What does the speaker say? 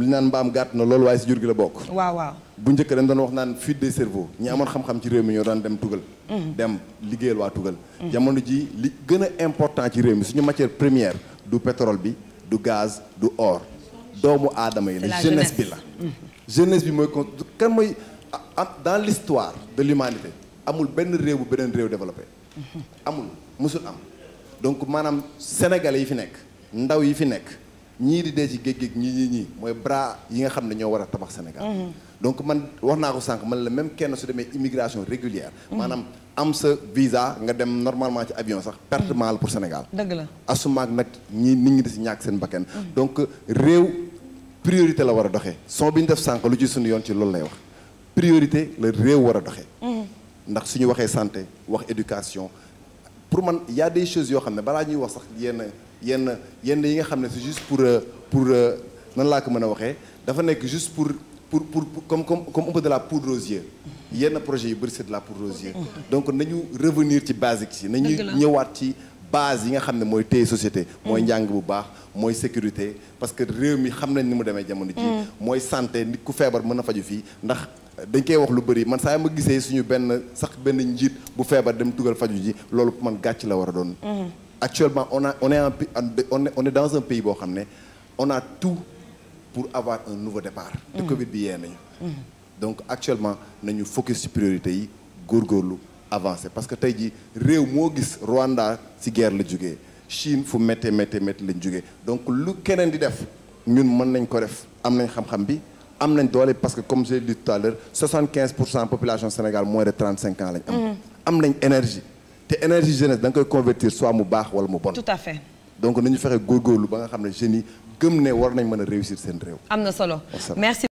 li naan mbaam gàtt na loolu waaye si jur gi la bokk. waaw bu njëkk dañ doon wax naan fuite des cerveaux ñi amoon xam-xam ci réew mi ñoo daan dem tugal. Mm-hmm. dem liggéeyal waa tugal. Mm-hmm. jamono ji li gën a important ci réew mi suñu matière première du pétrole bi du gaz du or doomu aadama yi la jeunesse bi la. Mm-hmm. jeunesse bi mooy con kan mooy dans l'histoire de l'humanité amul benn réew bu beneen réew développé. amul musul am donc maanaam sénégalais yi fi nekk ndaw yi fi nekk. ñii di dee ci géej géej ñii ñii ñii mooy bras yi nga xam ne ñoo war a tabax Sénégal. Mhm. donc man wax naa ko sànq man la même kenn su demee immigration régulière. Mhm. maanaam am sa visa nga dem normalement ci avion sax perte mhm. mal pour Sénégal. dëgg la asumaak nag ñii nit ñi di si ñàkk seen bakken donc réew priorité la war a doxee. soo bi ñu def sànq lu ci suñu yoon ci loolu lay wax priorité la réew war a doxee. ndax su ñu waxee santé wax éducation pour man yaa a des choses yoo xam ne balaa ñuy wax sax yenn. yenn yenn yi nga xam ne c'est juste pour euh, pour euh, nan laa ko mën a waxee dafa nekk juste pour pour pour comme comme de la poudre aux yeux yenn projet yu bëri c'est de la poudre aux yeux donc nañu revenir ci basique yi nañu ñëwaat ci base yi nga xam ne mooy téye société mooy mm. njàng bu baax mooy sécurité parce que réew mi xam nañ ni mu demee jamono ji mm. mooy santé nit ku feebar mën a faju fii ndax dañ koy wax lu bëri man saa ma gisee suñu benn sax benn njiit bu feebar dem tugal faju ji loolu man gàcc la war a doon mm. actuellement on a on est en on est dans un pays boo xam ne on a tout pour avoir un nouveau départ. te mm. Covid bi yee nañu. Mm. donc actuellement nañu focus ci priorité yi góorgóorlu avancer parce que tey jii réew moo gis Rwanda ci guerre la jógee Chine fu méttee méttee méttee lañ jógee donc lu keneen di def ñun mën nañ ko def am nañ xam-xam bi. am nañ doole parce que comme je l'ai dit soixante quinze pour cent population Sénégal moins de trente cinq ans lañ am mm. nañ te énergie jeunesse da nga koy convertir soit mu baax wala mu bon. tout à fait. donc nañu fexe góorgóorlu ba nga xam ne jeunes yi gëm ne war nañ mën a réussir seen réew. am na solo merci.